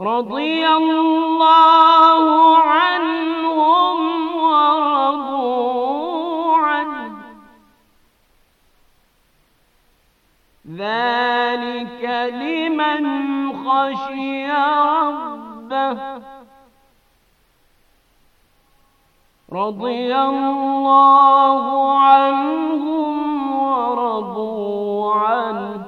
رضي الله عنهم ورضوا عنه ذلك لمن خشي ربه رضي الله عنهم ورضوا عنه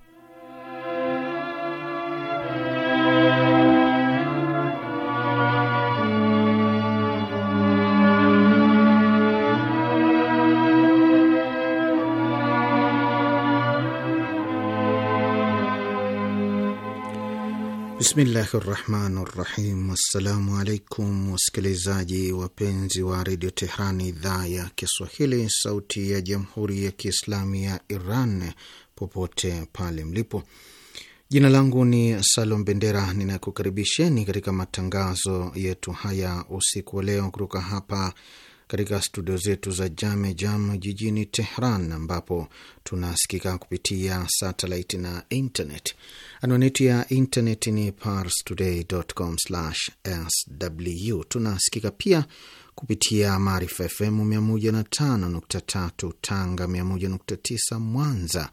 Bismillahi rahmani rahim. assalamu alaikum wasikilizaji wapenzi wa redio Tehrani, idhaa ya Kiswahili, sauti ya jamhuri ya kiislamu ya Iran, popote pale mlipo. Jina langu ni Salum Bendera, ninakukaribisheni katika matangazo yetu haya usiku wa leo kutoka hapa katika studio zetu za Jame Jam jijini Tehran, ambapo tunasikika kupitia satellite na internet. Anwani yetu ya internet ni parstoday.com/sw. Tunasikika pia kupitia Maarifa FM 105.3 Tanga, 101.9 Mwanza,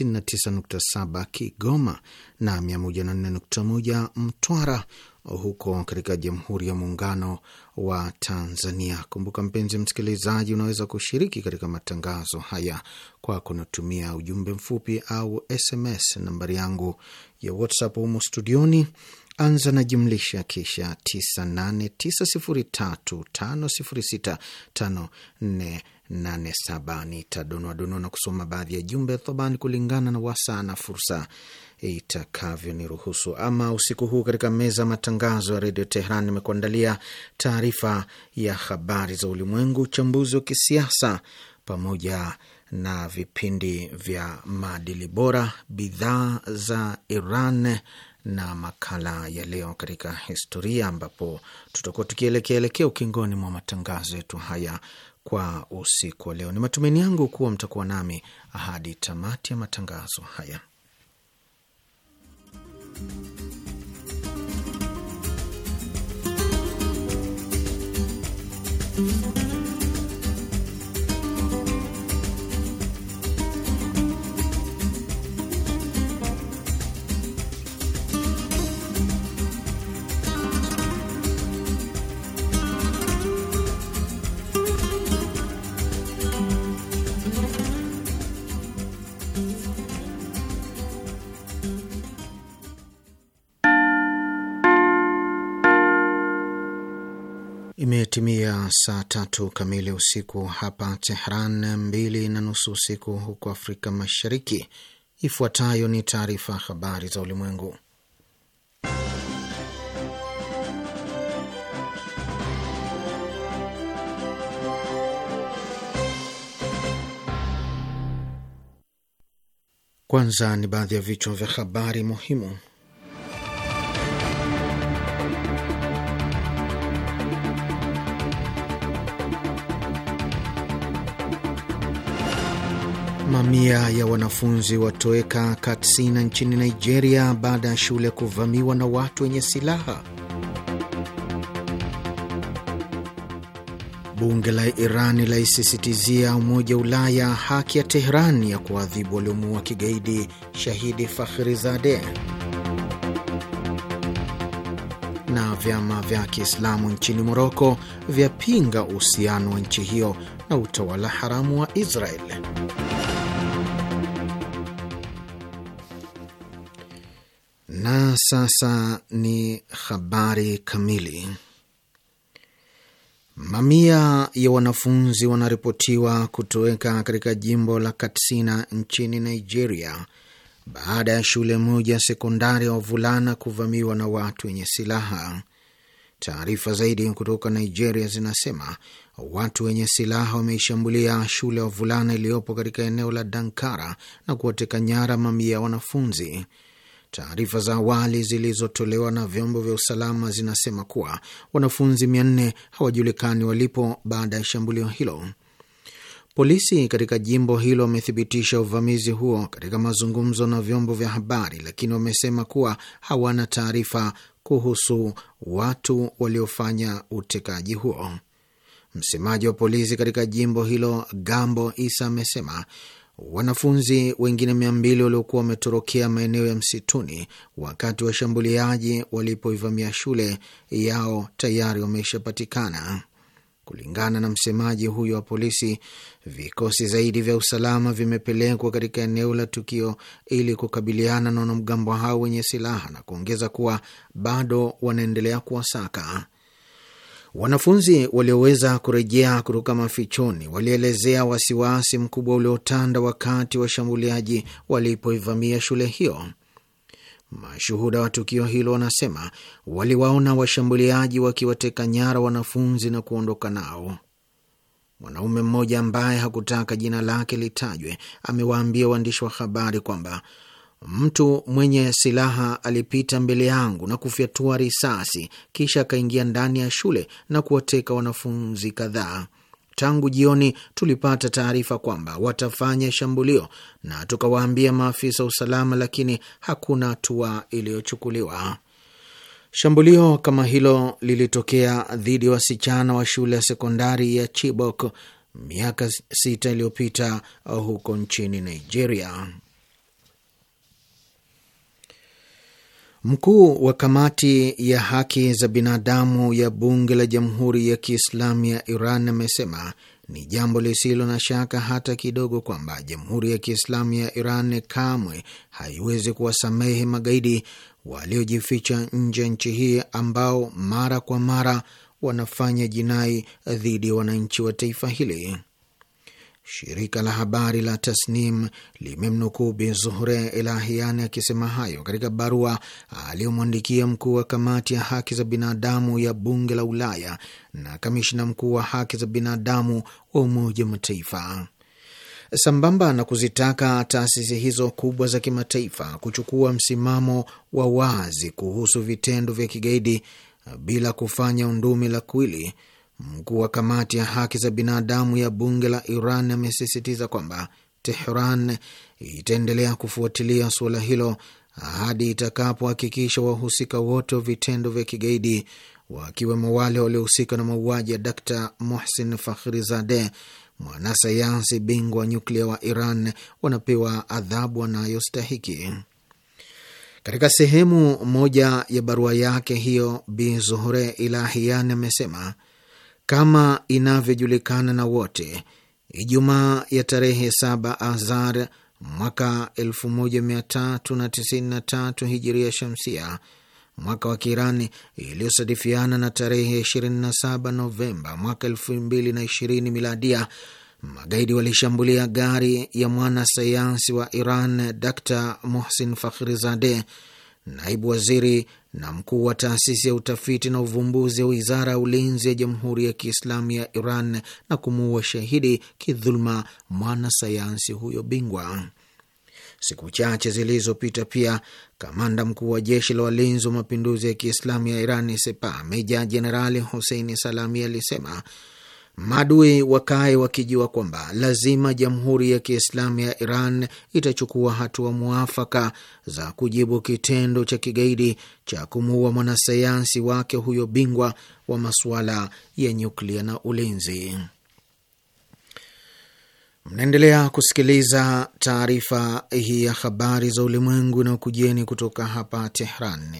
99.7 Kigoma na 104.1 Mtwara huko katika Jamhuri ya Muungano wa Tanzania. Kumbuka mpenzi msikilizaji, unaweza kushiriki katika matangazo haya kwa kunatumia ujumbe mfupi au SMS. Nambari yangu ya WhatsApp humo studioni, anza na jumlisha kisha 989035065487. Nitadonwadonwa na kusoma baadhi ya jumbe thabani kulingana na wasaa na fursa itakavyoniruhusu. Ama usiku huu katika meza ya matangazo ya redio Tehran nimekuandalia taarifa ya habari za ulimwengu, uchambuzi wa kisiasa, pamoja na vipindi vya maadili bora, bidhaa za Iran na makala ya leo katika historia, ambapo tutakuwa tukielekea elekea ukingoni mwa matangazo yetu haya kwa usiku wa leo. Ni matumaini yangu kuwa mtakuwa nami hadi tamati ya matangazo haya. Thank you. Imetimia saa tatu kamili usiku hapa Tehran, mbili na nusu usiku huko Afrika Mashariki. Ifuatayo ni taarifa habari za ulimwengu, kwanza ni baadhi ya vichwa vya habari muhimu. Mamia ya wanafunzi watoweka Katsina nchini Nigeria baada ya shule kuvamiwa na watu wenye silaha. Bunge la iran laisisitizia Umoja wa Ulaya haki ya Teheran ya kuadhibu waliomuua kigaidi shahidi Fakhrizadeh. Na vyama vya Kiislamu nchini Moroko vyapinga uhusiano wa nchi hiyo na utawala haramu wa Israel. Na sasa ni habari kamili. Mamia ya wanafunzi wanaripotiwa kutoweka katika jimbo la Katsina nchini Nigeria baada ya shule moja sekondari ya wavulana kuvamiwa na watu wenye silaha. Taarifa zaidi kutoka Nigeria zinasema watu wenye silaha wameishambulia shule ya wavulana iliyopo katika eneo la Dankara na kuwateka nyara mamia ya wanafunzi. Taarifa za awali zilizotolewa na vyombo vya usalama zinasema kuwa wanafunzi mia nne hawajulikani walipo baada ya shambulio hilo. Polisi katika jimbo hilo wamethibitisha uvamizi huo katika mazungumzo na vyombo vya habari, lakini wamesema kuwa hawana taarifa kuhusu watu waliofanya utekaji huo. Msemaji wa polisi katika jimbo hilo Gambo Isa amesema Wanafunzi wengine mia mbili waliokuwa wametorokea maeneo ya msituni wakati washambuliaji walipoivamia shule yao tayari wameshapatikana. Kulingana na msemaji huyo wa polisi, vikosi zaidi vya usalama vimepelekwa katika eneo la tukio ili kukabiliana na wanamgambo hao wenye silaha na kuongeza kuwa bado wanaendelea kuwasaka. Wanafunzi walioweza kurejea kutoka mafichoni walielezea wasiwasi mkubwa uliotanda wakati washambuliaji walipoivamia shule hiyo. Mashuhuda wa tukio hilo wanasema waliwaona washambuliaji wakiwateka nyara wanafunzi na kuondoka nao. Mwanaume mmoja ambaye hakutaka jina lake litajwe amewaambia waandishi wa habari kwamba Mtu mwenye silaha alipita mbele yangu na kufyatua risasi, kisha akaingia ndani ya shule na kuwateka wanafunzi kadhaa. Tangu jioni tulipata taarifa kwamba watafanya shambulio na tukawaambia maafisa usalama, lakini hakuna hatua iliyochukuliwa. Shambulio kama hilo lilitokea dhidi ya wasichana wa shule ya sekondari ya Chibok miaka sita iliyopita huko nchini Nigeria. Mkuu wa kamati ya haki za binadamu ya bunge la Jamhuri ya Kiislamu ya Iran amesema ni jambo lisilo na shaka hata kidogo kwamba Jamhuri ya Kiislamu ya Iran kamwe haiwezi kuwasamehe magaidi waliojificha nje ya nchi hii ambao mara kwa mara wanafanya jinai dhidi ya wananchi wa taifa hili. Shirika la habari la Tasnim limemnukuu Bi Zuhre Elahiani akisema hayo katika barua aliyomwandikia mkuu wa kamati ya haki za binadamu ya bunge la Ulaya na kamishna mkuu wa haki za binadamu wa Umoja wa Mataifa, sambamba na kuzitaka taasisi hizo kubwa za kimataifa kuchukua msimamo wa wazi kuhusu vitendo vya kigaidi bila kufanya undumi la kwili. Mkuu wa kamati ya haki za binadamu ya bunge la Iran amesisitiza kwamba Tehran itaendelea kufuatilia suala hilo hadi itakapohakikisha wahusika wote wa vitendo vya kigaidi wakiwemo wale waliohusika na mauaji ya Dkt Mohsin Fakhrizadeh, mwanasayansi bingwa wa nyuklia wa Iran, wanapewa adhabu wanayostahiki. Katika sehemu moja ya barua yake hiyo, Bi Zuhre Ilahiyan amesema kama inavyojulikana na wote, Ijumaa ya tarehe 7 Azar mwaka 1393 hijiria shamsia mwaka wa Kirani iliyosadifiana na tarehe 27 Novemba mwaka 2020 miladia, magaidi walishambulia gari ya mwanasayansi wa Iran Dr Mohsin Fakhrizadeh, naibu waziri na mkuu wa taasisi ya utafiti na uvumbuzi wa wizara ya ulinzi ya Jamhuri ya Kiislamu ya Iran na kumuua shahidi kidhuluma mwanasayansi huyo bingwa. Siku chache zilizopita pia kamanda mkuu wa jeshi la walinzi wa mapinduzi ya Kiislamu ya Iran Sepa, meja jenerali Huseini Salami alisema Maadui wakae wakijua kwamba lazima Jamhuri ya Kiislamu ya Iran itachukua hatua mwafaka za kujibu kitendo cha kigaidi cha kumuua mwanasayansi wake huyo bingwa wa masuala ya nyuklia na ulinzi. Mnaendelea kusikiliza taarifa hii ya habari za ulimwengu na ukujeni kutoka hapa Tehran,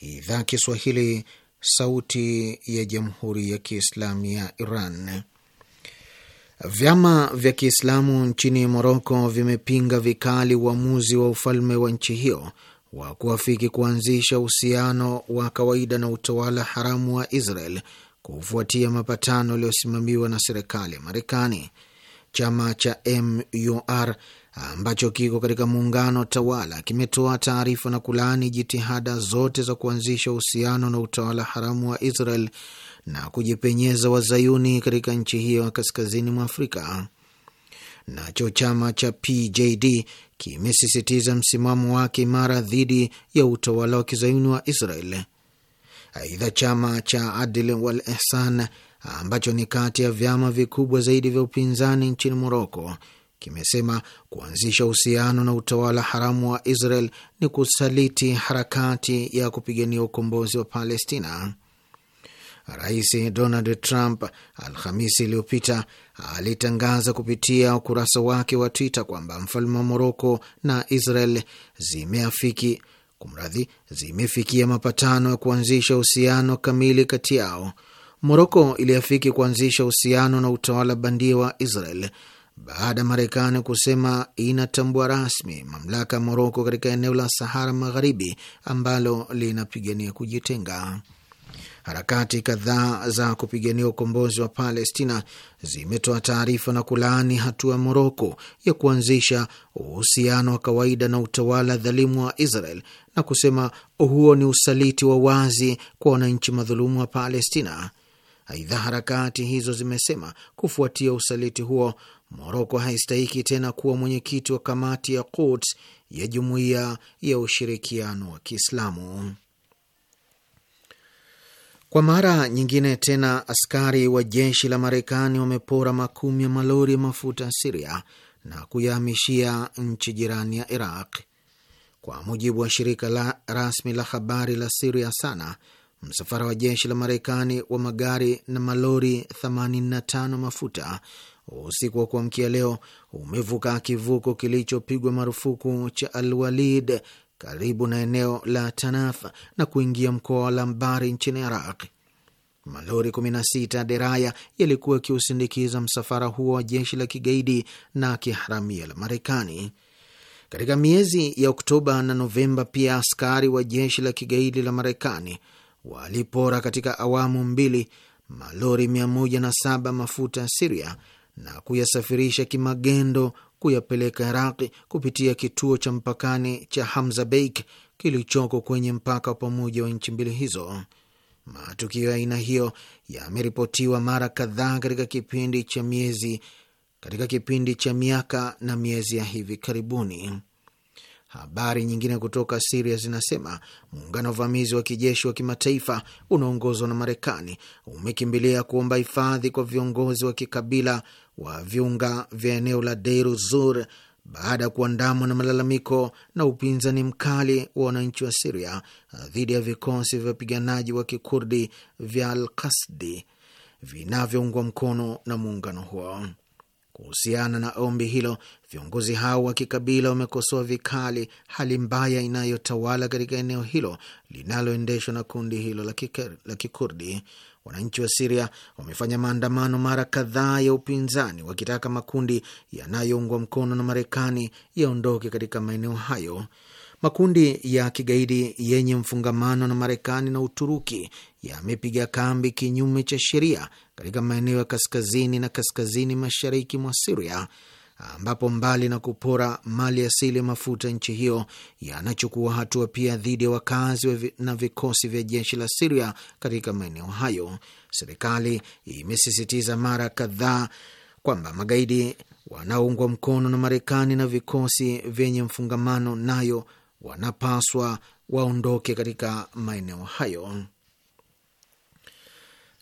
idhaa Kiswahili, Sauti ya Jamhuri ya Kiislamu ya Iran. Vyama vya Kiislamu nchini Moroko vimepinga vikali uamuzi wa ufalme wa nchi hiyo wa kuafiki kuanzisha uhusiano wa kawaida na utawala haramu wa Israel kufuatia mapatano yaliyosimamiwa na serikali ya Marekani. Chama cha MUR ambacho kiko katika muungano tawala kimetoa taarifa na kulaani jitihada zote za kuanzisha uhusiano na utawala haramu wa Israel na kujipenyeza wazayuni katika nchi hiyo ya kaskazini mwa Afrika. Nacho chama cha PJD kimesisitiza msimamo wake imara dhidi ya utawala wa kizayuni wa Israel. Aidha, chama cha Adil wal Ehsan ambacho ni kati ya vyama vikubwa zaidi vya upinzani nchini Moroko kimesema kuanzisha uhusiano na utawala haramu wa Israel ni kusaliti harakati ya kupigania ukombozi wa Palestina. Rais Donald Trump Alhamisi iliyopita alitangaza kupitia ukurasa wake wa Twitter kwamba mfalme wa Moroko na Israel zimeafiki kumradhi, zimefikia mapatano ya kuanzisha uhusiano kamili kati yao. Moroko iliafiki kuanzisha uhusiano na utawala bandia wa Israel baada ya Marekani kusema inatambua rasmi mamlaka ya Moroko katika eneo la Sahara Magharibi ambalo linapigania kujitenga. Harakati kadhaa za kupigania ukombozi wa Palestina zimetoa taarifa na kulaani hatua ya Moroko ya kuanzisha uhusiano wa kawaida na utawala dhalimu wa Israel na kusema huo ni usaliti wa wazi kwa wananchi madhulumu wa Palestina. Aidha, harakati hizo zimesema kufuatia usaliti huo, Moroko haistahiki tena kuwa mwenyekiti wa kamati ya Quds ya jumuiya ya ushirikiano wa Kiislamu. Kwa mara nyingine tena, askari wa jeshi la Marekani wamepora makumi ya malori ya mafuta ya Siria na kuyahamishia nchi jirani ya Iraq, kwa mujibu wa shirika la rasmi la habari la Siria SANA. Msafara wa jeshi la Marekani wa magari na malori 85 mafuta usiku wa kuamkia leo umevuka kivuko kilichopigwa marufuku cha al walid karibu na eneo la Tanaf na kuingia mkoa wa Lambari nchini Iraq. Malori 16 deraya yalikuwa yakiusindikiza msafara huo wa jeshi la kigaidi na kiharamia la Marekani. Katika miezi ya Oktoba na Novemba, pia askari wa jeshi la kigaidi la Marekani walipora katika awamu mbili malori 107 mafuta ya Siria na kuyasafirisha kimagendo kuyapeleka Iraqi kupitia kituo cha mpakani cha Hamza Beik kilichoko kwenye mpaka wa pamoja wa nchi mbili hizo. Matukio ya aina hiyo yameripotiwa mara kadhaa katika kipindi cha miezi katika kipindi cha miaka na miezi ya hivi karibuni. Habari nyingine kutoka Siria zinasema muungano wa uvamizi wa kijeshi wa kimataifa unaongozwa na Marekani umekimbilia kuomba hifadhi kwa viongozi wa kikabila wa viunga vya eneo la Deir Zur baada ya kuandamwa na malalamiko na upinzani mkali wa wananchi wa Siria dhidi ya vikosi vya wapiganaji wa kikurdi vya Al Kasdi vinavyoungwa mkono na muungano huo. Kuhusiana na ombi hilo, viongozi hao wa kikabila wamekosoa vikali hali mbaya inayotawala katika eneo hilo linaloendeshwa na kundi hilo la Kikurdi. Wananchi wa Siria wamefanya maandamano mara kadhaa ya upinzani wakitaka makundi yanayoungwa mkono na Marekani yaondoke katika maeneo hayo. Makundi ya kigaidi yenye mfungamano na Marekani na Uturuki yamepiga kambi kinyume cha sheria katika maeneo ya kaskazini na kaskazini mashariki mwa Siria ambapo mbali na kupora mali asili ya mafuta nchi hiyo yanachukua hatua pia dhidi ya wakazi na vikosi vya jeshi la Siria katika maeneo hayo. Serikali imesisitiza mara kadhaa kwamba magaidi wanaoungwa mkono na Marekani na vikosi vyenye mfungamano nayo wanapaswa waondoke katika maeneo hayo.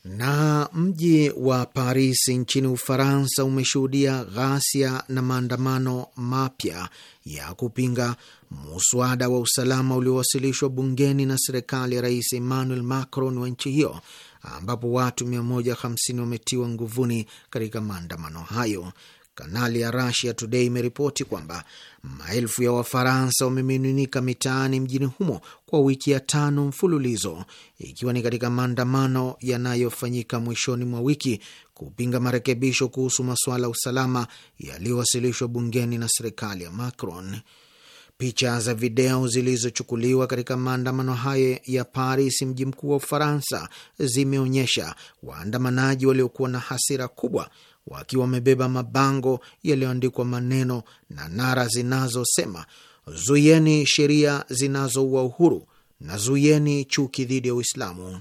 Na mji wa Paris nchini Ufaransa umeshuhudia ghasia na maandamano mapya ya kupinga muswada wa usalama uliowasilishwa bungeni na serikali ya Rais Emmanuel Macron wa nchi hiyo ambapo watu 150 wametiwa nguvuni katika maandamano hayo. Kanali ya Russia Today imeripoti kwamba maelfu ya Wafaransa wamemiminika mitaani mjini humo kwa wiki ya tano mfululizo, ikiwa ni katika maandamano yanayofanyika mwishoni mwa wiki kupinga marekebisho kuhusu masuala ya usalama yaliyowasilishwa bungeni na serikali ya Macron. Picha za video zilizochukuliwa katika maandamano hayo ya Paris, mji mkuu wa Ufaransa, zimeonyesha waandamanaji waliokuwa na hasira kubwa wakiwa wamebeba mabango yaliyoandikwa maneno na nara zinazosema zuieni sheria zinazoua uhuru na zuieni chuki dhidi ya Uislamu.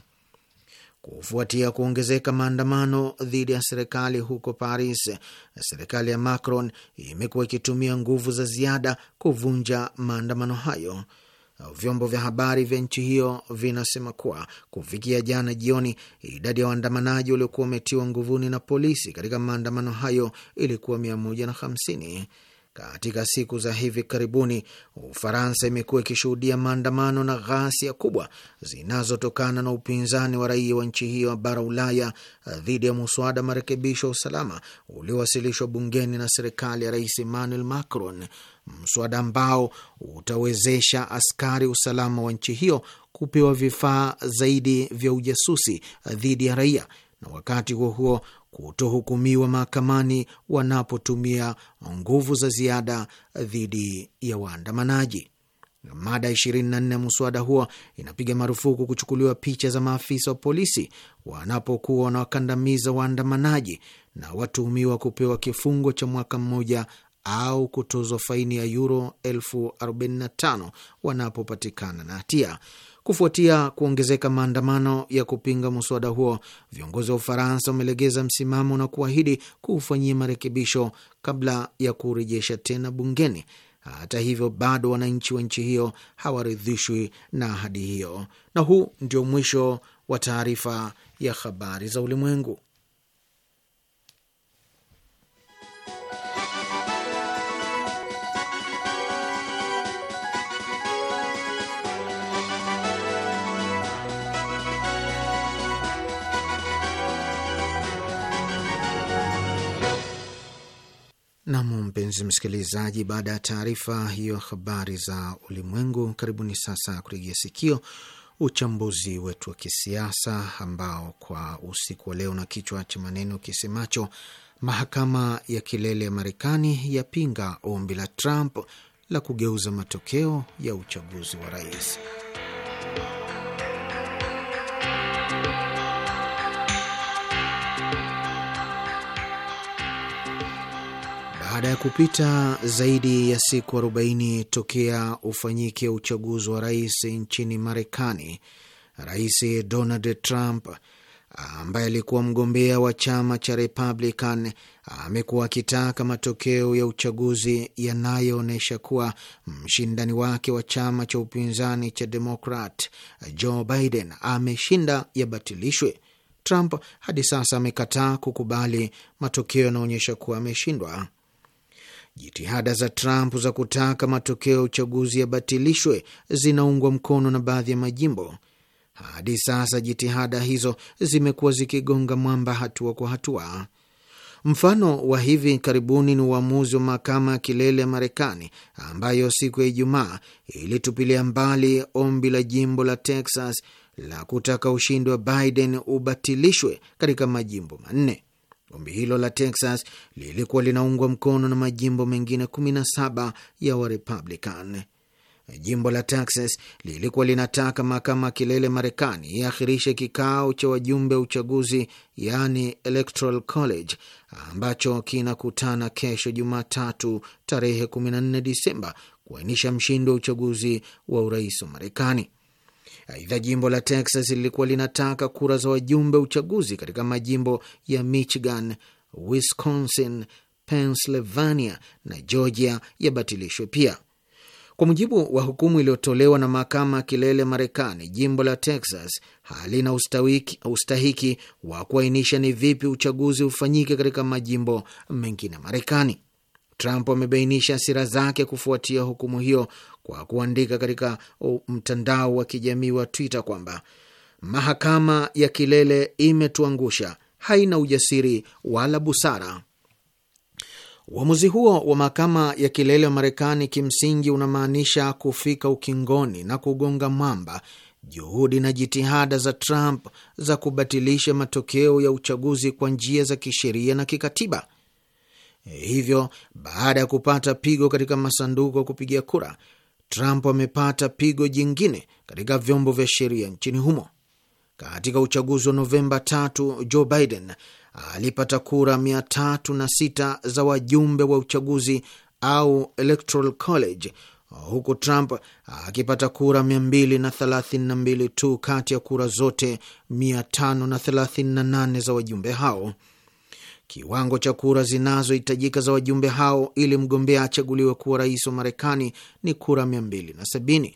Kufuatia kuongezeka maandamano dhidi ya serikali huko Paris, serikali ya Macron imekuwa ikitumia nguvu za ziada kuvunja maandamano hayo. Vyombo vya habari vya nchi hiyo vinasema kuwa kufikia jana jioni, idadi ya waandamanaji waliokuwa wametiwa nguvuni na polisi katika maandamano hayo ilikuwa 150. Katika siku za hivi karibuni, Ufaransa imekuwa ikishuhudia maandamano na ghasia kubwa zinazotokana na upinzani wa raia wa nchi hiyo bara Ulaya dhidi ya muswada marekebisho wa usalama uliowasilishwa bungeni na serikali ya Rais Emmanuel Macron mswada ambao utawezesha askari usalama wa nchi hiyo kupewa vifaa zaidi vya ujasusi dhidi ya raia na wakati huo huo kutohukumiwa mahakamani wanapotumia nguvu za ziada dhidi ya waandamanaji. Mada 24 ya mswada huo inapiga marufuku kuchukuliwa picha za maafisa wa polisi wanapokuwa wanawakandamiza waandamanaji na watuhumiwa kupewa kifungo cha mwaka mmoja au kutozwa faini ya yuro elfu 45 wanapopatikana na hatia. Kufuatia kuongezeka maandamano ya kupinga mswada huo, viongozi wa Ufaransa wamelegeza msimamo na kuahidi kuufanyia marekebisho kabla ya kurejesha tena bungeni. Hata hivyo, bado wananchi wa nchi hiyo hawaridhishwi na ahadi hiyo. Na huu ndio mwisho wa taarifa ya habari za ulimwengu. Nam, mpenzi msikilizaji, baada ya taarifa hiyo habari za ulimwengu, karibuni sasa kurejea sikio uchambuzi wetu wa kisiasa ambao kwa usiku wa leo na kichwa cha maneno kisemacho mahakama ya kilele ya Marekani yapinga ombi la Trump la kugeuza matokeo ya uchaguzi wa rais. Baada ya kupita zaidi ya siku 40 tokea ufanyike uchaguzi wa rais nchini Marekani, Rais Donald Trump ambaye alikuwa mgombea wa chama cha Republican amekuwa akitaka matokeo ya uchaguzi yanayoonyesha kuwa mshindani wake wa chama cha upinzani cha Demokrat Joe Biden ameshinda yabatilishwe. Trump hadi sasa amekataa kukubali matokeo yanaonyesha kuwa ameshindwa. Jitihada za Trump za kutaka matokeo ya uchaguzi yabatilishwe zinaungwa mkono na baadhi ya majimbo. Hadi sasa jitihada hizo zimekuwa zikigonga mwamba hatua kwa hatua. Mfano wa hivi karibuni ni uamuzi wa mahakama ya kilele ya Marekani ambayo siku ya Ijumaa ilitupilia mbali ombi la jimbo la Texas la kutaka ushindi wa Biden ubatilishwe katika majimbo manne. Ombi hilo la Texas lilikuwa linaungwa mkono na majimbo mengine 17 ya Warepublican. Jimbo la Texas lilikuwa linataka mahakama kilele Marekani iahirishe kikao cha wajumbe wa uchaguzi, yaani Electoral College, ambacho kinakutana kesho Jumatatu tarehe 14 Disemba kuainisha mshindi wa uchaguzi wa urais wa Marekani. Aidha, jimbo la Texas lilikuwa linataka kura za wajumbe uchaguzi katika majimbo ya Michigan, Wisconsin, Pennsylvania na Georgia yabatilishwe pia. Kwa mujibu wa hukumu iliyotolewa na mahakama ya kilele Marekani, jimbo la Texas halina ustahiki wa kuainisha ni vipi uchaguzi ufanyike katika majimbo mengine Marekani. Trump amebainisha hasira zake kufuatia hukumu hiyo kwa kuandika katika mtandao wa kijamii wa Twitter kwamba mahakama ya kilele imetuangusha, haina ujasiri wala busara. Uamuzi huo wa mahakama ya kilele wa Marekani kimsingi unamaanisha kufika ukingoni na kugonga mwamba juhudi na jitihada za Trump za kubatilisha matokeo ya uchaguzi kwa njia za kisheria na kikatiba Hivyo, baada ya kupata pigo katika masanduku ya kupigia kura, Trump amepata pigo jingine katika vyombo vya sheria nchini humo. Katika uchaguzi wa Novemba tatu, Joe Biden alipata kura 36 za wajumbe wa uchaguzi au Electoral College, huku Trump akipata kura 232 tu kati ya kura zote 538 za wajumbe hao kiwango cha kura zinazohitajika za wajumbe hao ili mgombea achaguliwe kuwa rais wa Marekani ni kura 270.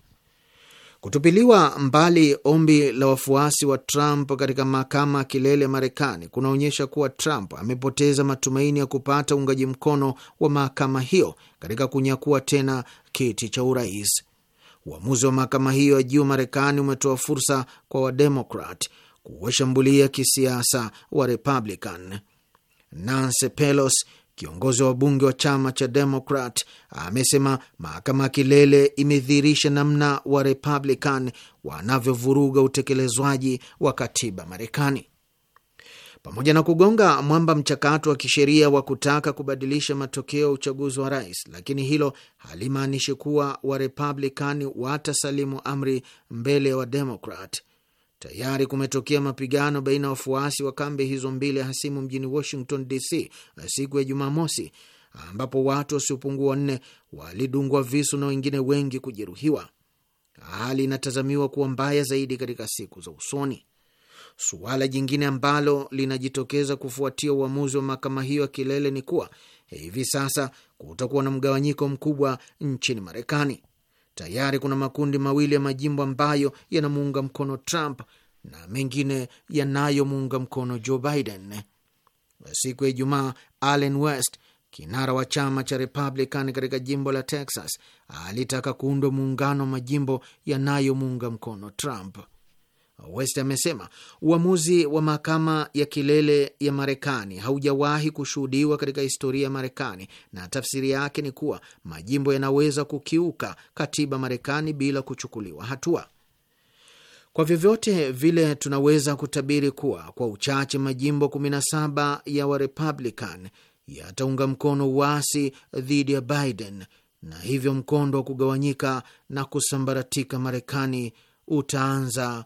Kutupiliwa mbali ombi la wafuasi wa Trump katika mahakama ya kilele ya Marekani kunaonyesha kuwa Trump amepoteza matumaini ya kupata uungaji mkono wa mahakama hiyo katika kunyakua tena kiti cha urais. Uamuzi wa mahakama hiyo ya juu Marekani umetoa fursa kwa Wademokrat kuwashambulia kisiasa wa Republican. Nancy Pelosi, kiongozi wa bunge wa chama cha Demokrat, amesema mahakama ya kilele imedhihirisha namna wa Republican wanavyovuruga utekelezwaji wa katiba Marekani. Pamoja na kugonga mwamba mchakato wa kisheria wa kutaka kubadilisha matokeo ya uchaguzi wa rais, lakini hilo halimaanishi kuwa Warepublikani watasalimu amri mbele ya wa Wademokrat tayari kumetokea mapigano baina ya wafuasi wa kambi hizo mbili hasimu mjini Washington DC eh, siku ya Jumamosi, ambapo watu wasiopungua wanne walidungwa visu na wengine wengi kujeruhiwa. Hali inatazamiwa kuwa mbaya zaidi katika siku za usoni. Suala jingine ambalo linajitokeza kufuatia uamuzi wa mahakama hiyo ya kilele ni kuwa hivi sasa kutakuwa na mgawanyiko mkubwa nchini Marekani. Tayari kuna makundi mawili ya majimbo ambayo yanamuunga mkono Trump na mengine yanayomuunga mkono Joe Biden. Siku ya Ijumaa, Allen West, kinara wa chama cha Republican katika jimbo la Texas, alitaka kuundwa muungano wa majimbo yanayomuunga mkono Trump. West amesema uamuzi wa mahakama ya kilele ya Marekani haujawahi kushuhudiwa katika historia ya Marekani, na tafsiri yake ni kuwa majimbo yanaweza kukiuka katiba Marekani bila kuchukuliwa hatua. Kwa vyovyote vile, tunaweza kutabiri kuwa kwa uchache majimbo 17 ya Warepublican yataunga mkono uasi dhidi ya Biden, na hivyo mkondo wa kugawanyika na kusambaratika Marekani utaanza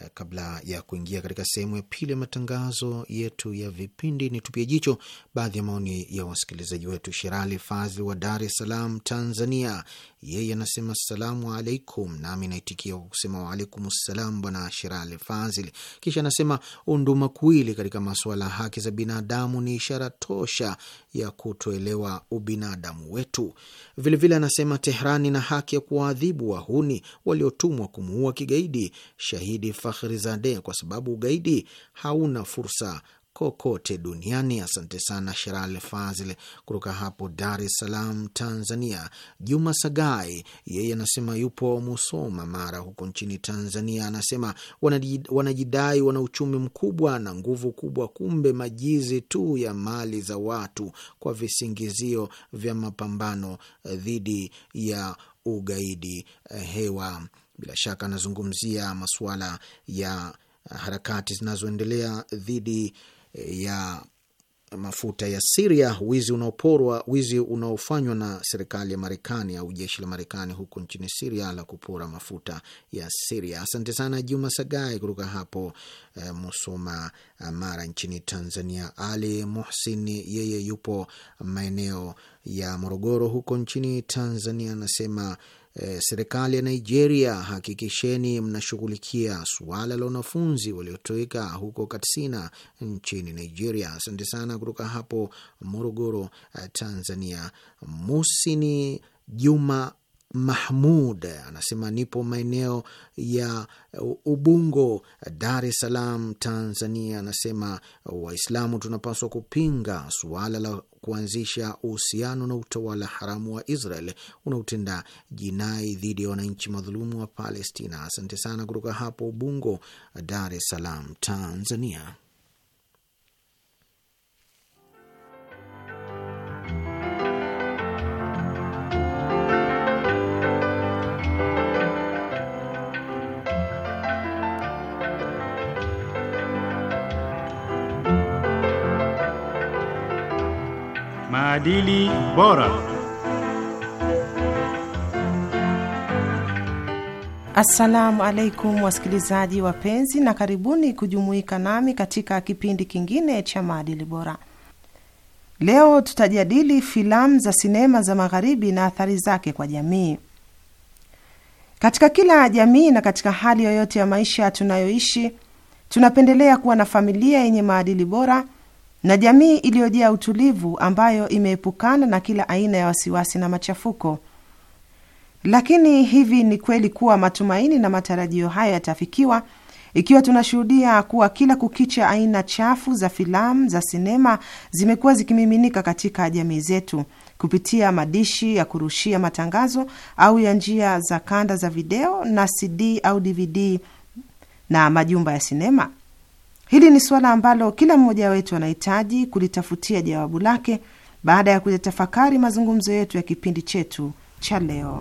Eh, kabla ya kuingia katika sehemu ya pili ya matangazo yetu ya vipindi, ni tupia jicho baadhi ya maoni ya wasikilizaji wetu. Sherali fadhi wa Dar es Salaam, Tanzania, yeye anasema assalamu alaikum, nami naitikia kwa kusema waalaikum ssalam, Bwana Shirali Fazil. Kisha anasema unduma kuili katika masuala ya haki za binadamu ni ishara tosha ya kutoelewa ubinadamu wetu. Vilevile vile anasema Tehrani na haki ya kuwaadhibu wahuni waliotumwa kumuua kigaidi shahidi zade kwa sababu ugaidi hauna fursa kokote duniani. Asante sana Sheral Fazil kutoka hapo Dar es Salaam, Tanzania. Juma Sagai yeye anasema yupo Musoma, Mara, huko nchini Tanzania. Anasema wanajidai wana uchumi mkubwa na nguvu kubwa, kumbe majizi tu ya mali za watu kwa visingizio vya mapambano eh, dhidi ya ugaidi eh, hewa. Bila shaka anazungumzia masuala ya harakati zinazoendelea dhidi ya mafuta ya Siria, wizi unaoporwa, wizi unaofanywa na serikali ya Marekani au jeshi la Marekani huko nchini Siria la kupora mafuta ya Siria. Asante sana Juma Sagai kutoka hapo e, Musoma, eh, Mara nchini Tanzania. Ali Muhsin yeye yupo maeneo ya Morogoro huko nchini Tanzania, anasema E, serikali ya Nigeria, hakikisheni mnashughulikia suala la wanafunzi waliotoweka huko Katsina nchini Nigeria. Asante sana. Kutoka hapo Morogoro, Tanzania, Musini Juma Mahmud anasema nipo maeneo ya Ubungo, Dar es Salaam, Tanzania. Anasema Waislamu tunapaswa kupinga suala la kuanzisha uhusiano na utawala haramu wa Israel unaotenda jinai dhidi ya wananchi madhulumu wa Palestina. Asante sana kutoka hapo Ubungo, Dar es Salaam, Tanzania. Maadili Bora. Assalamu alaikum wasikilizaji wapenzi, na karibuni kujumuika nami katika kipindi kingine cha maadili bora. Leo tutajadili filamu za sinema za magharibi na athari zake kwa jamii. Katika kila jamii na katika hali yoyote ya maisha tunayoishi, tunapendelea kuwa na familia yenye maadili bora na jamii iliyojaa utulivu ambayo imeepukana na kila aina ya wasiwasi na machafuko. Lakini hivi ni kweli kuwa matumaini na matarajio hayo yatafikiwa ikiwa tunashuhudia kuwa kila kukicha aina chafu za filamu za sinema zimekuwa zikimiminika katika jamii zetu kupitia madishi ya kurushia matangazo au ya njia za kanda za video na CD au DVD na majumba ya sinema. Hili ni suala ambalo kila mmoja wetu anahitaji kulitafutia jawabu lake baada ya kuyatafakari mazungumzo yetu ya kipindi chetu cha leo.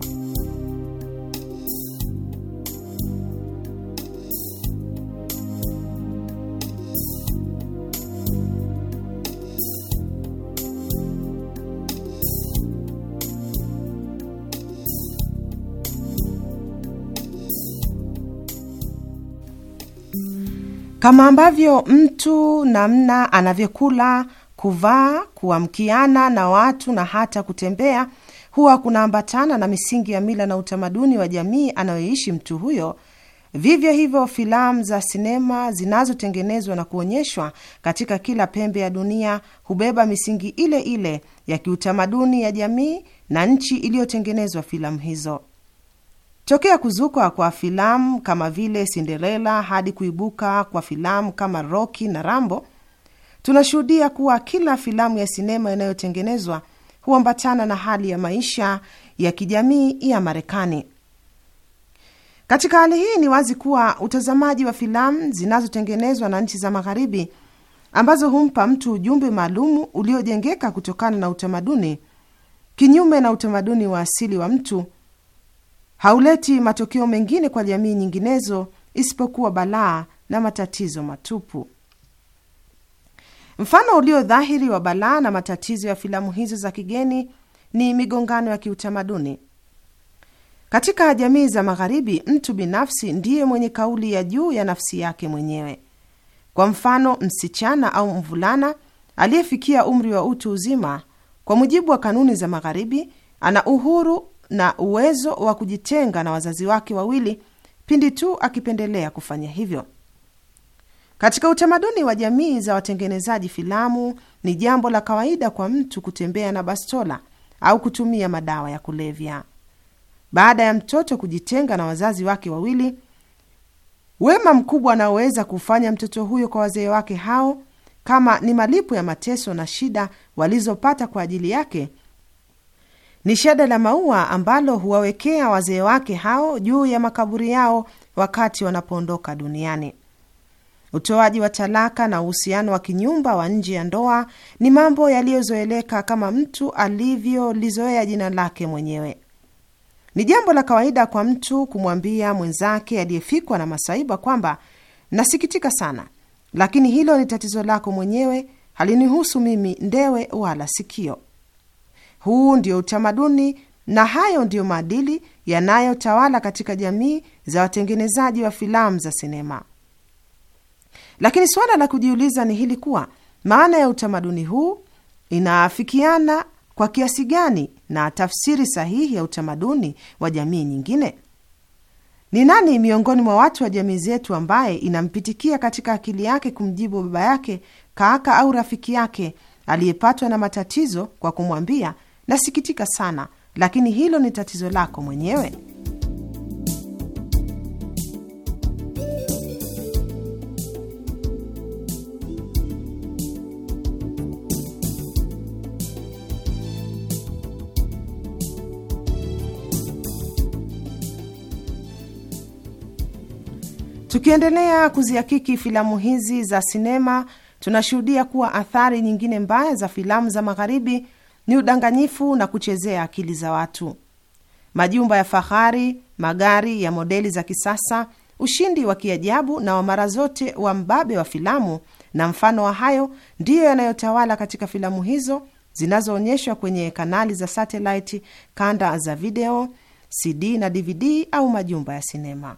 kama ambavyo mtu namna anavyokula, kuvaa, kuamkiana na watu na hata kutembea huwa kunaambatana na misingi ya mila na utamaduni wa jamii anayoishi mtu huyo. Vivyo hivyo, filamu za sinema zinazotengenezwa na kuonyeshwa katika kila pembe ya dunia hubeba misingi ile ile ya kiutamaduni ya jamii na nchi iliyotengenezwa filamu hizo. Tokea kuzuka kwa filamu kama vile Cinderella hadi kuibuka kwa filamu kama Rocky na Rambo, tunashuhudia kuwa kila filamu ya sinema inayotengenezwa huambatana na hali ya maisha ya kijamii ya Marekani. Katika hali hii, ni wazi kuwa utazamaji wa filamu zinazotengenezwa na nchi za Magharibi ambazo humpa mtu ujumbe maalumu uliojengeka kutokana na utamaduni, kinyume na utamaduni wa asili wa mtu hauleti matokeo mengine kwa jamii nyinginezo isipokuwa balaa na matatizo matupu. Mfano ulio dhahiri wa balaa na matatizo ya filamu hizo za kigeni ni migongano ya kiutamaduni. Katika jamii za Magharibi, mtu binafsi ndiye mwenye kauli ya juu ya nafsi yake mwenyewe. Kwa mfano, msichana au mvulana aliyefikia umri wa utu uzima, kwa mujibu wa kanuni za Magharibi, ana uhuru na uwezo wa kujitenga na wazazi wake wawili pindi tu akipendelea kufanya hivyo. Katika utamaduni wa jamii za watengenezaji filamu, ni jambo la kawaida kwa mtu kutembea na bastola au kutumia madawa ya kulevya. Baada ya mtoto kujitenga na wazazi wake wawili, wema mkubwa anaoweza kufanya mtoto huyo kwa wazee wake hao, kama ni malipo ya mateso na shida walizopata kwa ajili yake, ni shada la maua ambalo huwawekea wazee wake hao juu ya makaburi yao wakati wanapoondoka duniani. Utoaji wa talaka na uhusiano wa kinyumba wa nje ya ndoa ni mambo yaliyozoeleka kama mtu alivyolizoea jina lake mwenyewe. Ni jambo la kawaida kwa mtu kumwambia mwenzake aliyefikwa na masaiba kwamba nasikitika sana, lakini hilo ni tatizo lako mwenyewe, halinihusu mimi, ndewe wala sikio. Huu ndio utamaduni na hayo ndiyo maadili yanayotawala katika jamii za watengenezaji wa filamu za sinema. Lakini suala la kujiuliza ni hili kuwa maana ya utamaduni huu inaafikiana kwa kiasi gani na tafsiri sahihi ya utamaduni wa jamii nyingine? Ni nani miongoni mwa watu wa jamii zetu ambaye inampitikia katika akili yake kumjibu baba yake, kaka au rafiki yake aliyepatwa na matatizo kwa kumwambia Nasikitika sana, lakini hilo ni tatizo lako mwenyewe. Tukiendelea kuzihakiki filamu hizi za sinema, tunashuhudia kuwa athari nyingine mbaya za filamu za Magharibi ni udanganyifu na kuchezea akili za watu. Majumba ya fahari, magari ya modeli za kisasa, ushindi wa kiajabu na wa mara zote wa mbabe wa filamu na mfano wa hayo ndiyo yanayotawala katika filamu hizo zinazoonyeshwa kwenye kanali za satelaiti, kanda za video, CD na DVD au majumba ya sinema.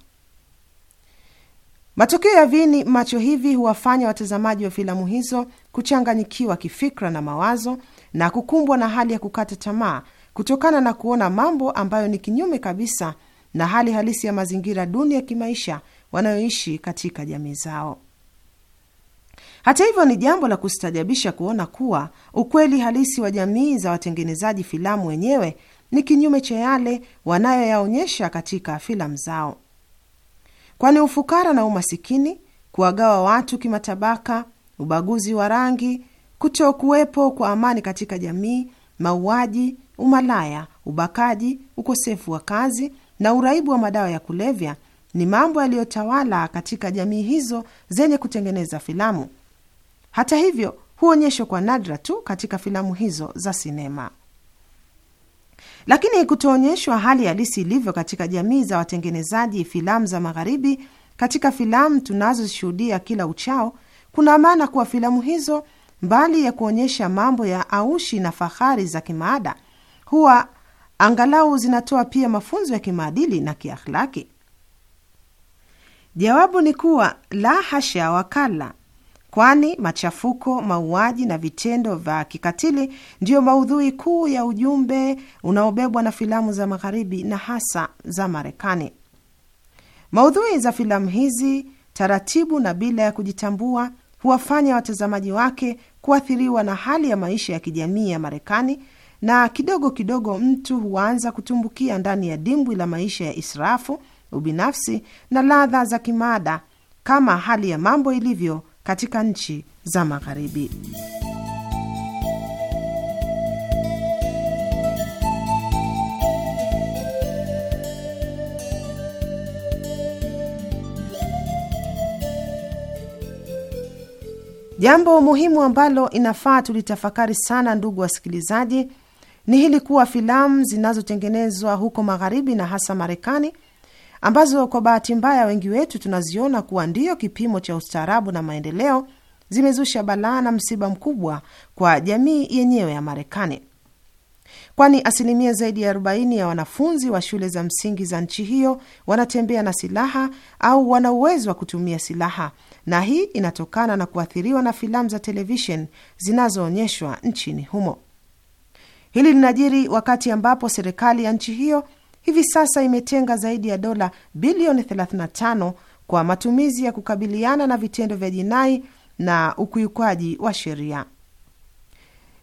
Matokeo ya vini macho hivi huwafanya watazamaji wa filamu hizo kuchanganyikiwa kifikra na mawazo na kukumbwa na hali ya kukata tamaa kutokana na kuona mambo ambayo ni kinyume kabisa na hali halisi ya mazingira duni ya kimaisha wanayoishi katika jamii zao. Hata hivyo, ni jambo la kustajabisha kuona kuwa ukweli halisi wa jamii za watengenezaji filamu wenyewe ni kinyume cha yale wanayoyaonyesha katika filamu zao, kwani ufukara na umasikini, kuwagawa watu kimatabaka, ubaguzi wa rangi kutokuwepo kwa amani katika jamii, mauaji, umalaya, ubakaji, ukosefu wa kazi na uraibu wa madawa ya kulevya ni mambo yaliyotawala katika jamii hizo zenye kutengeneza filamu. Hata hivyo, huonyeshwa kwa nadra tu katika filamu hizo za sinema. Lakini kutoonyeshwa hali halisi ilivyo katika jamii za watengenezaji filamu za Magharibi katika filamu tunazoshuhudia kila uchao, kuna maana kuwa filamu hizo mbali ya kuonyesha mambo ya aushi na fahari za kimaada, huwa angalau zinatoa pia mafunzo ya kimaadili na kiakhlaki? Jawabu ni kuwa la hasha, wakala kwani machafuko, mauaji na vitendo vya kikatili ndiyo maudhui kuu ya ujumbe unaobebwa na filamu za Magharibi na hasa za Marekani. Maudhui za filamu hizi taratibu na bila ya kujitambua huwafanya watazamaji wake kuathiriwa na hali ya maisha ya kijamii ya Marekani, na kidogo kidogo mtu huanza kutumbukia ndani ya dimbwi la maisha ya israfu, ubinafsi na ladha za kimada, kama hali ya mambo ilivyo katika nchi za Magharibi. Jambo muhimu ambalo inafaa tulitafakari sana, ndugu wasikilizaji, ni hili kuwa filamu zinazotengenezwa huko Magharibi na hasa Marekani, ambazo kwa bahati mbaya wengi wetu tunaziona kuwa ndiyo kipimo cha ustaarabu na maendeleo, zimezusha balaa na msiba mkubwa kwa jamii yenyewe ya Marekani, kwani asilimia zaidi ya 40 ya wanafunzi wa shule za msingi za nchi hiyo wanatembea na silaha au wana uwezo wa kutumia silaha na hii inatokana na kuathiriwa na filamu za televishen zinazoonyeshwa nchini humo. Hili linajiri wakati ambapo serikali ya nchi hiyo hivi sasa imetenga zaidi ya dola bilioni 35 kwa matumizi ya kukabiliana na vitendo vya jinai na ukiukwaji wa sheria.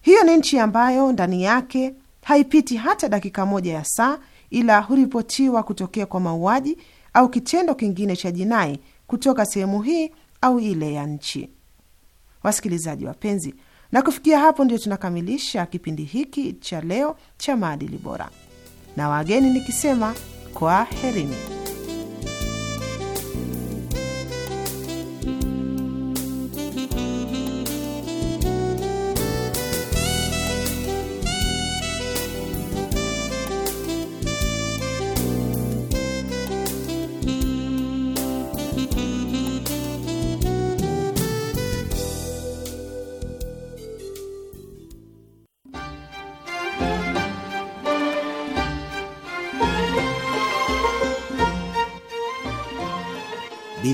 Hiyo ni nchi ambayo ndani yake haipiti hata dakika moja ya saa ila huripotiwa kutokea kwa mauaji au kitendo kingine cha jinai kutoka sehemu hii au ile ya nchi. Wasikilizaji wapenzi, na kufikia hapo ndio tunakamilisha kipindi hiki cha leo cha maadili bora, na wageni nikisema kwa herini.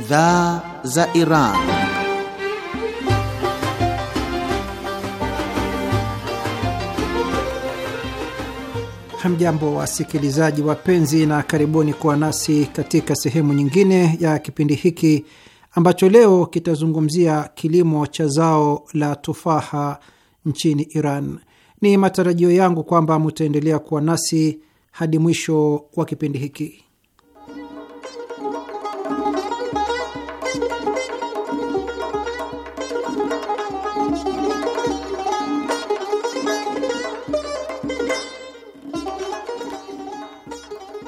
Bidhaa za Iran. Hamjambo wasikilizaji wapenzi, na karibuni kuwa nasi katika sehemu nyingine ya kipindi hiki ambacho leo kitazungumzia kilimo cha zao la tufaha nchini Iran. Ni matarajio yangu kwamba mutaendelea kuwa nasi hadi mwisho wa kipindi hiki.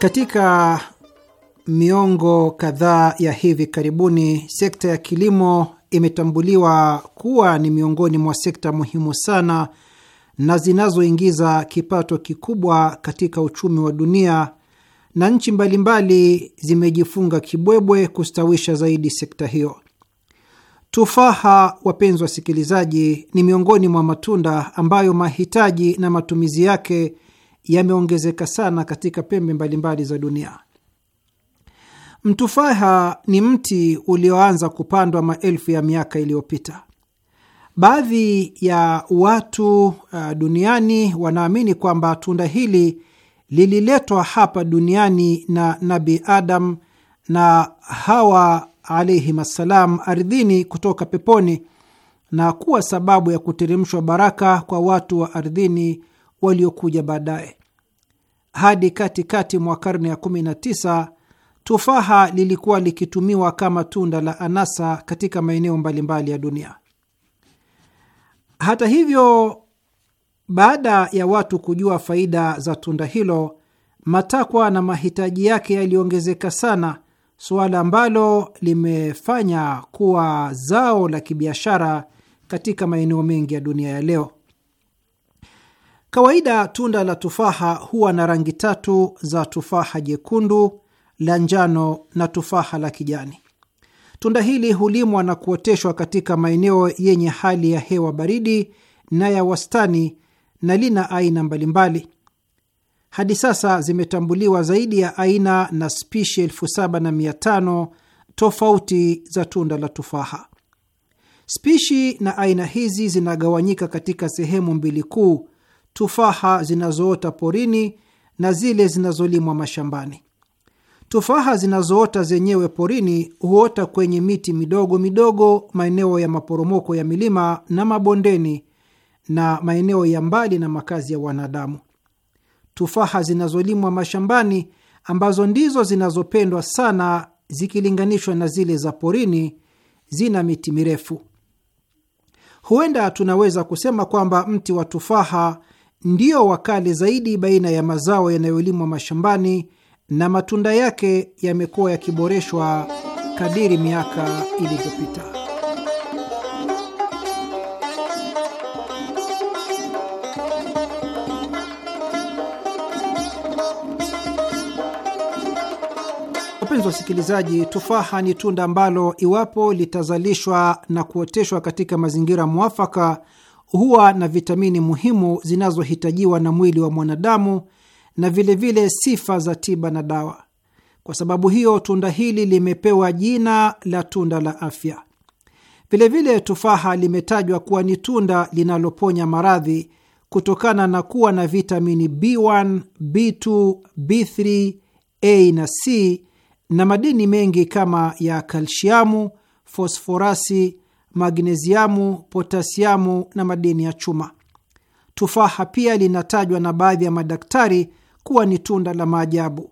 Katika miongo kadhaa ya hivi karibuni, sekta ya kilimo imetambuliwa kuwa ni miongoni mwa sekta muhimu sana na zinazoingiza kipato kikubwa katika uchumi wa dunia na nchi mbalimbali zimejifunga kibwebwe kustawisha zaidi sekta hiyo. Tufaha, wapenzi wasikilizaji, ni miongoni mwa matunda ambayo mahitaji na matumizi yake yameongezeka sana katika pembe mbalimbali za dunia. Mtufaha ni mti ulioanza kupandwa maelfu ya miaka iliyopita. Baadhi ya watu uh, duniani wanaamini kwamba tunda hili lililetwa hapa duniani na Nabi Adam na Hawa alaihim assalam ardhini kutoka peponi na kuwa sababu ya kuteremshwa baraka kwa watu wa ardhini waliokuja baadaye hadi katikati mwa karne ya 19 tufaha lilikuwa likitumiwa kama tunda la anasa katika maeneo mbalimbali ya dunia. Hata hivyo, baada ya watu kujua faida za tunda hilo, matakwa na mahitaji yake yaliongezeka sana, suala ambalo limefanya kuwa zao la kibiashara katika maeneo mengi ya dunia ya leo. Kawaida tunda la tufaha huwa na rangi tatu za tufaha jekundu, la njano na tufaha la kijani. Tunda hili hulimwa na kuoteshwa katika maeneo yenye hali ya hewa baridi na ya wastani na lina aina mbalimbali. Hadi sasa zimetambuliwa zaidi ya aina na spishi elfu saba na mia tano tofauti za tunda la tufaha. Spishi na aina hizi zinagawanyika katika sehemu mbili kuu tufaha zinazoota porini na zile zinazolimwa mashambani. Tufaha zinazoota zenyewe porini huota kwenye miti midogo midogo maeneo ya maporomoko ya milima na mabondeni na maeneo ya mbali na makazi ya wanadamu. Tufaha zinazolimwa mashambani, ambazo ndizo zinazopendwa sana zikilinganishwa na zile za porini, zina miti mirefu. Huenda tunaweza kusema kwamba mti wa tufaha ndio wakali zaidi baina ya mazao yanayolimwa mashambani na matunda yake yamekuwa yakiboreshwa kadiri miaka ilivyopita. Wapenzi wasikilizaji, tufaha ni tunda ambalo iwapo litazalishwa na kuoteshwa katika mazingira mwafaka huwa na vitamini muhimu zinazohitajiwa na mwili wa mwanadamu na vilevile vile sifa za tiba na dawa. Kwa sababu hiyo, tunda hili limepewa jina la tunda la afya. Vilevile vile tufaha limetajwa kuwa ni tunda linaloponya maradhi kutokana na kuwa na vitamini B1, B2, B3, A na C na madini mengi kama ya kalsiamu, fosforasi, magneziamu, potasiamu na madini ya chuma. Tufaha pia linatajwa na baadhi ya madaktari kuwa ni tunda la maajabu.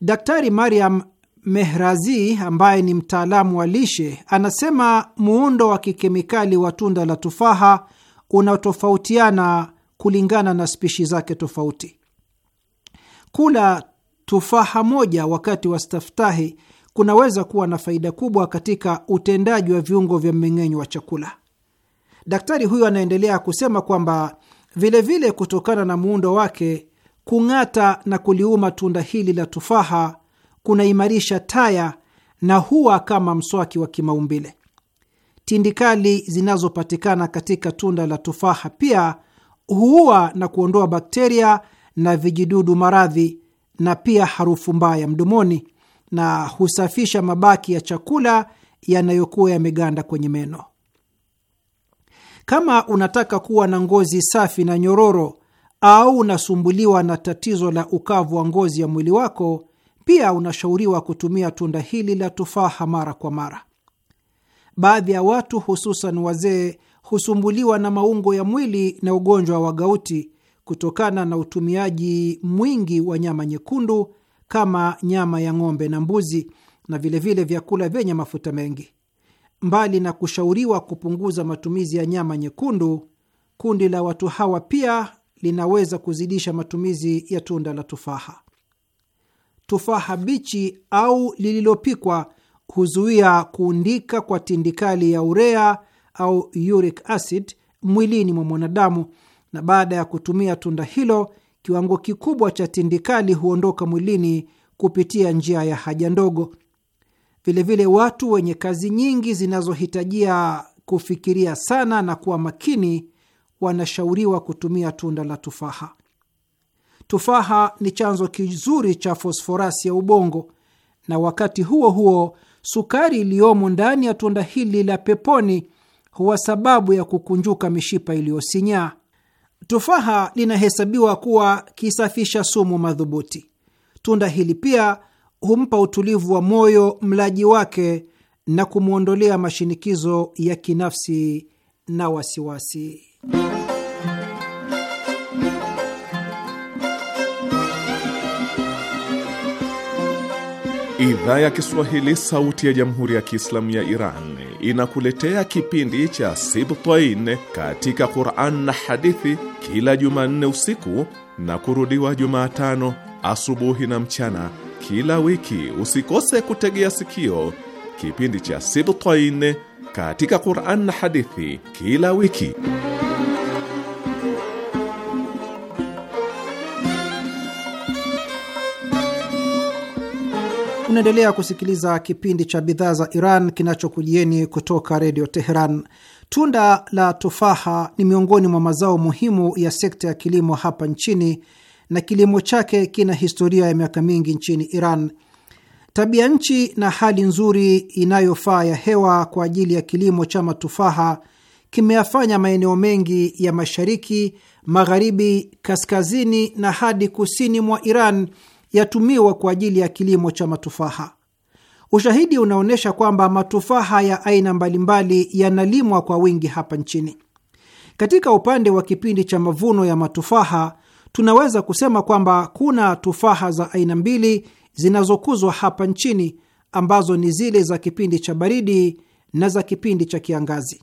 Daktari Mariam Mehrazi ambaye ni mtaalamu wa lishe anasema muundo wa kikemikali wa tunda la tufaha unatofautiana kulingana na spishi zake tofauti. Kula tufaha moja wakati wa staftahi kunaweza kuwa na faida kubwa katika utendaji wa viungo vya mmeng'enyo wa chakula. Daktari huyo anaendelea kusema kwamba vilevile vile, kutokana na muundo wake, kung'ata na kuliuma tunda hili la tufaha kunaimarisha taya na huwa kama mswaki wa kimaumbile. Tindikali zinazopatikana katika tunda la tufaha pia huua na kuondoa bakteria na vijidudu maradhi na pia harufu mbaya mdomoni na husafisha mabaki ya chakula yanayokuwa yameganda kwenye meno. Kama unataka kuwa na ngozi safi na nyororo au unasumbuliwa na tatizo la ukavu wa ngozi ya mwili wako, pia unashauriwa kutumia tunda hili la tufaha mara kwa mara. Baadhi ya watu hususan wazee husumbuliwa na maungo ya mwili na ugonjwa wa gauti kutokana na utumiaji mwingi wa nyama nyekundu kama nyama ya ng'ombe na mbuzi na vilevile vile vyakula vyenye mafuta mengi. Mbali na kushauriwa kupunguza matumizi ya nyama nyekundu, kundi la watu hawa pia linaweza kuzidisha matumizi ya tunda la tufaha. Tufaha bichi au lililopikwa huzuia kuundika kwa tindikali ya urea au uric acid mwilini mwa mwanadamu, na baada ya kutumia tunda hilo kiwango kikubwa cha tindikali huondoka mwilini kupitia njia ya haja ndogo. Vilevile, watu wenye kazi nyingi zinazohitajia kufikiria sana na kuwa makini wanashauriwa kutumia tunda la tufaha. Tufaha ni chanzo kizuri cha fosforasi ya ubongo, na wakati huo huo sukari iliyomo ndani ya tunda hili la peponi huwa sababu ya kukunjuka mishipa iliyosinyaa. Tufaha linahesabiwa kuwa kisafisha sumu madhubuti. Tunda hili pia humpa utulivu wa moyo mlaji wake na kumwondolea mashinikizo ya kinafsi na wasiwasi. Idhaa ya Kiswahili, Sauti ya Jamhuri ya Kiislamu ya Iran inakuletea kipindi cha Sibtain katika Quran na hadithi kila Jumanne usiku na kurudiwa Jumatano asubuhi na mchana kila wiki. Usikose kutegea sikio kipindi cha Sibtain katika Quran na hadithi kila wiki. Unaendelea kusikiliza kipindi cha bidhaa za Iran kinachokujieni kutoka redio Teheran. Tunda la tufaha ni miongoni mwa mazao muhimu ya sekta ya kilimo hapa nchini na kilimo chake kina historia ya miaka mingi nchini Iran. Tabia nchi na hali nzuri inayofaa ya hewa kwa ajili ya kilimo cha matufaha kimeyafanya maeneo mengi ya mashariki, magharibi, kaskazini na hadi kusini mwa Iran yatumiwa kwa ajili ya kilimo cha matufaha. Ushahidi unaonyesha kwamba matufaha ya aina mbalimbali yanalimwa kwa wingi hapa nchini. Katika upande wa kipindi cha mavuno ya matufaha, tunaweza kusema kwamba kuna tufaha za aina mbili zinazokuzwa hapa nchini ambazo ni zile za kipindi cha baridi na za kipindi cha kiangazi.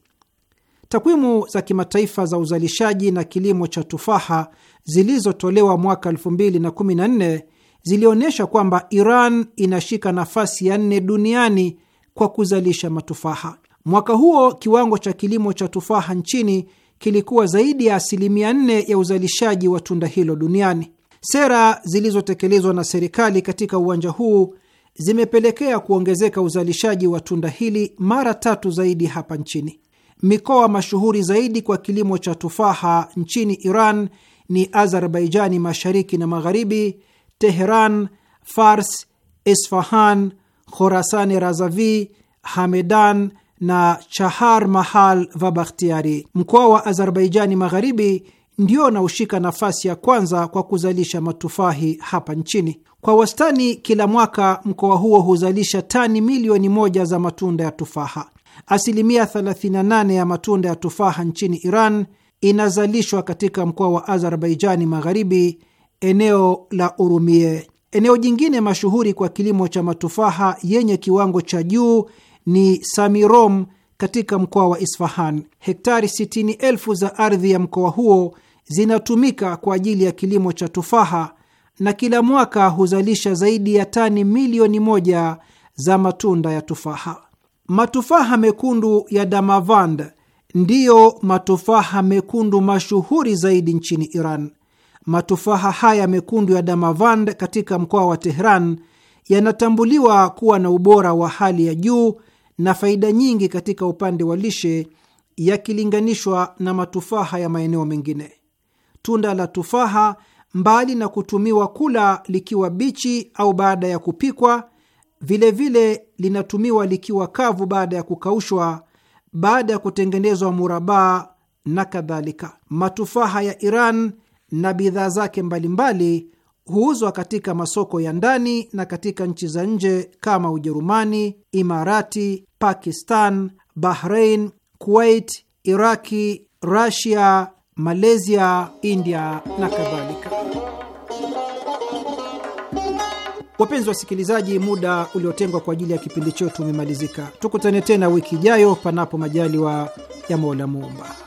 Takwimu za kimataifa za uzalishaji na kilimo cha tufaha zilizotolewa mwaka 2014 zilionyesha kwamba Iran inashika nafasi ya nne duniani kwa kuzalisha matufaha. Mwaka huo kiwango cha kilimo cha tufaha nchini kilikuwa zaidi ya asilimia nne ya uzalishaji wa tunda hilo duniani. Sera zilizotekelezwa na serikali katika uwanja huu zimepelekea kuongezeka uzalishaji wa tunda hili mara tatu zaidi hapa nchini. Mikoa mashuhuri zaidi kwa kilimo cha tufaha nchini Iran ni Azerbaijani mashariki na magharibi, Teheran, Fars, Isfahan, Khorasani Razavi, Hamedan na Chahar Mahal Vabakhtiari. Mkoa wa Azerbaijani Magharibi ndio unaoshika nafasi ya kwanza kwa kuzalisha matufahi hapa nchini. Kwa wastani, kila mwaka mkoa huo huzalisha tani milioni moja za matunda ya tufaha. Asilimia 38 ya matunda ya tufaha nchini Iran inazalishwa katika mkoa wa Azerbaijani Magharibi eneo la Urumie. Eneo jingine mashuhuri kwa kilimo cha matufaha yenye kiwango cha juu ni Samirom katika mkoa wa Isfahan. Hektari sitini elfu za ardhi ya mkoa huo zinatumika kwa ajili ya kilimo cha tufaha na kila mwaka huzalisha zaidi ya tani milioni moja za matunda ya tufaha. Matufaha mekundu ya Damavand ndiyo matufaha mekundu mashuhuri zaidi nchini Iran. Matufaha haya mekundu ya Damavand katika mkoa wa Tehran yanatambuliwa kuwa na ubora wa hali ya juu na faida nyingi katika upande wa lishe yakilinganishwa na matufaha ya maeneo mengine. Tunda la tufaha, mbali na kutumiwa kula likiwa bichi au baada ya kupikwa, vilevile vile linatumiwa likiwa kavu baada ya kukaushwa, baada ya kutengenezwa murabaa na kadhalika. Matufaha ya Iran na bidhaa zake mbalimbali huuzwa katika masoko ya ndani na katika nchi za nje kama Ujerumani, Imarati, Pakistan, Bahrain, Kuwait, Iraki, Rasia, Malaysia, India na kadhalika. Wapenzi wasikilizaji, muda uliotengwa kwa ajili ya kipindi chetu umemalizika. Tukutane tena wiki ijayo, panapo majaliwa ya Mola Muumba.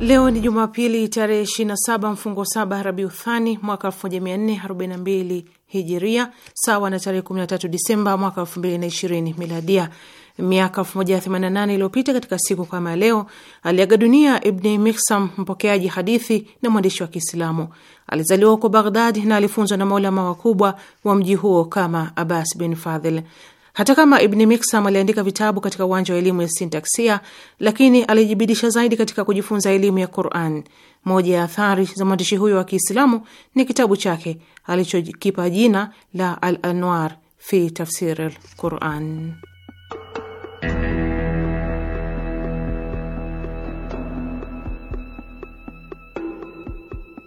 Leo ni Jumapili tarehe 27 mfungo saba Rabiuthani mwaka 1442 hijiria sawa na tarehe 13 Disemba mwaka 2020 miladia. Miaka 188 iliyopita katika siku kama leo aliaga dunia Ibni Miksam, mpokeaji hadithi na mwandishi wa Kiislamu. Alizaliwa huko Baghdad na alifunzwa na maulama wakubwa wa mji huo kama Abbas bin Fadhil. Hata kama Ibni Miksam aliandika vitabu katika uwanja wa elimu ya sintaksia, lakini alijibidisha zaidi katika kujifunza elimu ya Quran. Moja ya athari za mwandishi huyo wa Kiislamu ni kitabu chake alichokipa jina la Al Anwar fi Tafsir al Quran.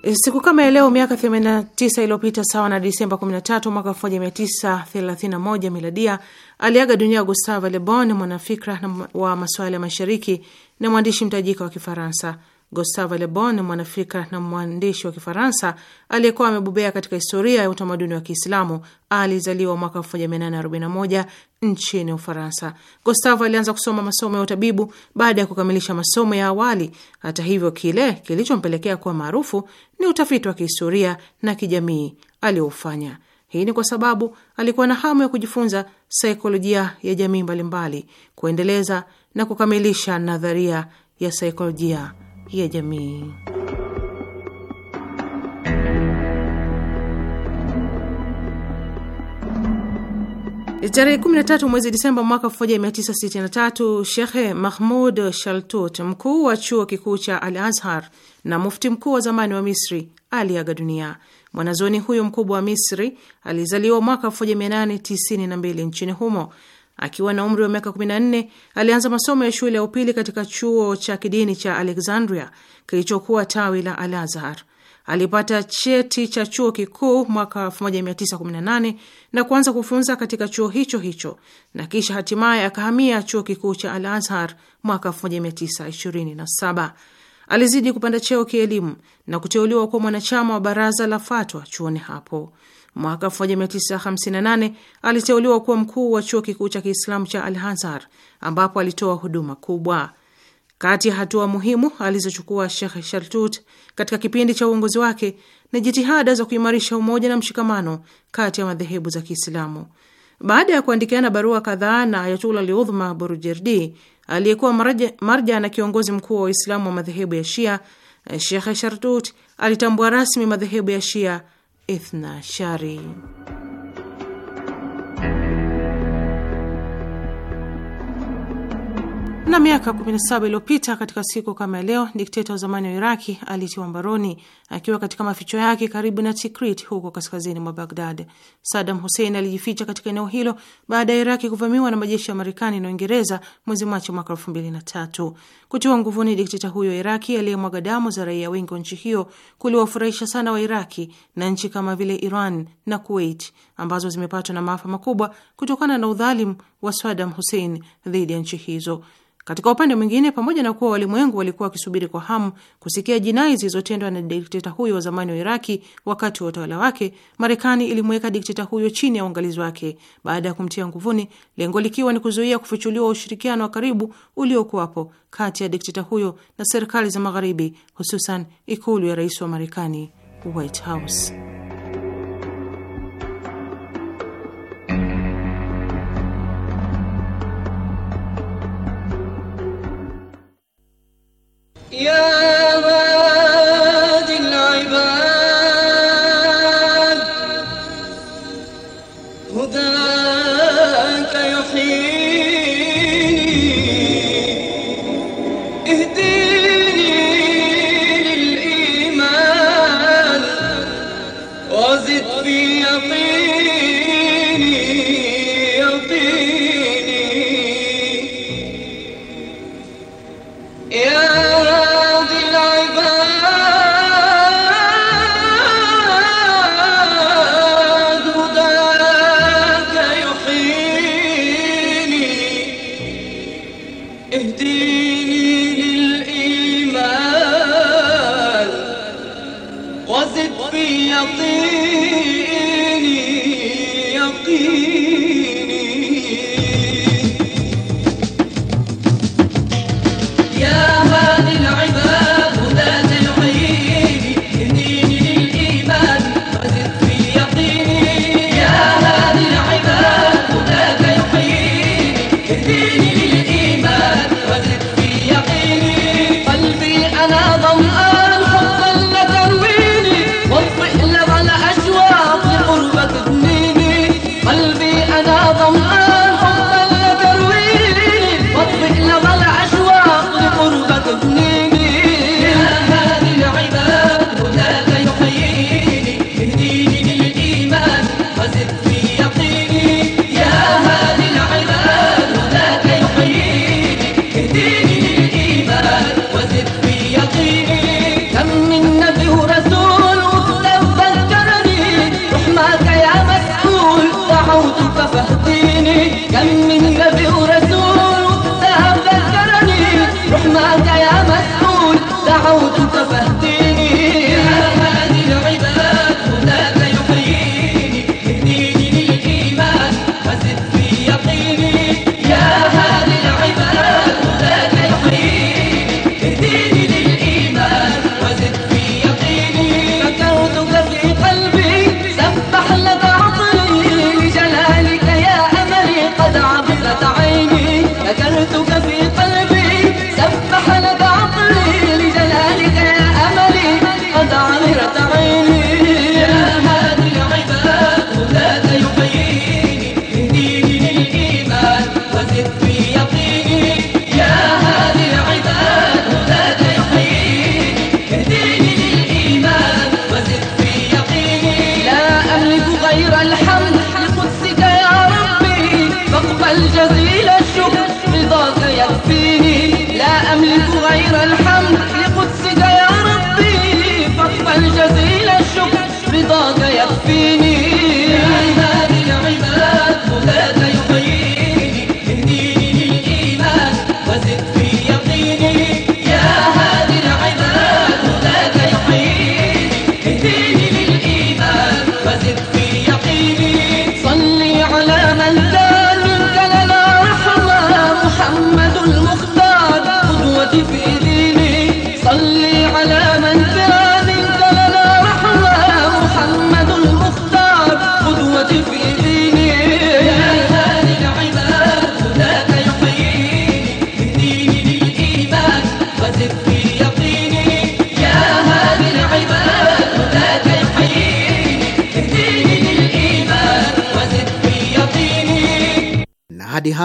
Eh, siku kama ya leo miaka 89 iliyopita sawa na Disemba 13 mwaka 1931 miladia, aliaga dunia Gustave Le Bon, mwanafikra wa masuala ya mashariki na mwandishi mtajika wa Kifaransa. Gustave Le Bon, na mwandishi wa Kifaransa aliyekuwa amebobea katika historia ya utamaduni wa Kiislamu, alizaliwa mwaka 1841 nchini Ufaransa. Gustave alianza kusoma masomo ya utabibu baada ya kukamilisha masomo ya awali. Hata hivyo, kile kilichompelekea kuwa maarufu ni utafiti wa kihistoria na kijamii aliofanya. Hii ni kwa sababu alikuwa na hamu ya kujifunza saikolojia ya jamii mbalimbali, kuendeleza na kukamilisha nadharia ya saikolojia ya jamii. Tarehe 13 mwezi Disemba mwaka 1963 Shekhe Mahmud Shaltut, mkuu wa chuo kikuu cha Al Azhar na mufti mkuu wa zamani wa Misri, aliaga dunia. mwanazoni huyo mkubwa wa Misri alizaliwa mwaka 1892 nchini humo. Akiwa na umri wa miaka 14 alianza masomo ya shule ya upili katika chuo cha kidini cha Alexandria kilichokuwa tawi la Al Azhar. Alipata cheti cha chuo kikuu mwaka 1918 na kuanza kufunza katika chuo hicho hicho na kisha hatimaye akahamia chuo kikuu cha Al Azhar mwaka 1927. Alizidi kupanda cheo kielimu na kuteuliwa kuwa mwanachama wa baraza la fatwa chuoni hapo. Mwaka 1958 aliteuliwa kuwa mkuu wa chuo kikuu cha Kiislamu cha Al ambapo alitoa huduma kubwa. Kati ya hatua muhimu alizochukua Shekh shartut katika kipindi cha uongozi wake ni jitihada za kuimarisha umoja na mshikamano kati ya madhehebu za Kiislamu. Baada ya kuandikiana barua kadhaa na Ayatullah Liudhma Burujerdi aliyekuwa marja, marja na kiongozi mkuu wa Waislamu wa madhehebu ya Shia, eh, Shekhe Shartut alitambua rasmi madhehebu ya Shia Ithna Shari. Na miaka 17 iliyopita katika siku kama leo, dikteta wa zamani wa Iraki alitiwa mbaroni akiwa katika maficho yake karibu na Tikrit huko kaskazini mwa Bagdad. Saddam Hussein alijificha katika eneo hilo baada ya Iraki kuvamiwa na majeshi ya Marekani na Uingereza mwezi Machi mwaka 2003. Kutiwa nguvuni dikteta huyo wa Iraki aliyemwaga damu za raia wengi wa nchi hiyo kuliwafurahisha sana Wairaki na nchi kama vile Iran na Kuwait ambazo zimepatwa na maafa makubwa kutokana na udhalimu wa Saddam Hussein dhidi ya nchi hizo. Katika upande mwingine, pamoja na kuwa walimwengu walikuwa wakisubiri kwa hamu kusikia jinai zilizotendwa na dikteta huyo wa zamani wa Iraki wakati wa utawala wake, Marekani ilimuweka dikteta huyo chini ya uangalizi wake baada ya kumtia nguvuni, lengo likiwa ni kuzuia kufichuliwa ushirikiano wa karibu uliokuwapo kati ya dikteta huyo na serikali za Magharibi, hususan ikulu ya rais wa Marekani, White House. yeah Infinity.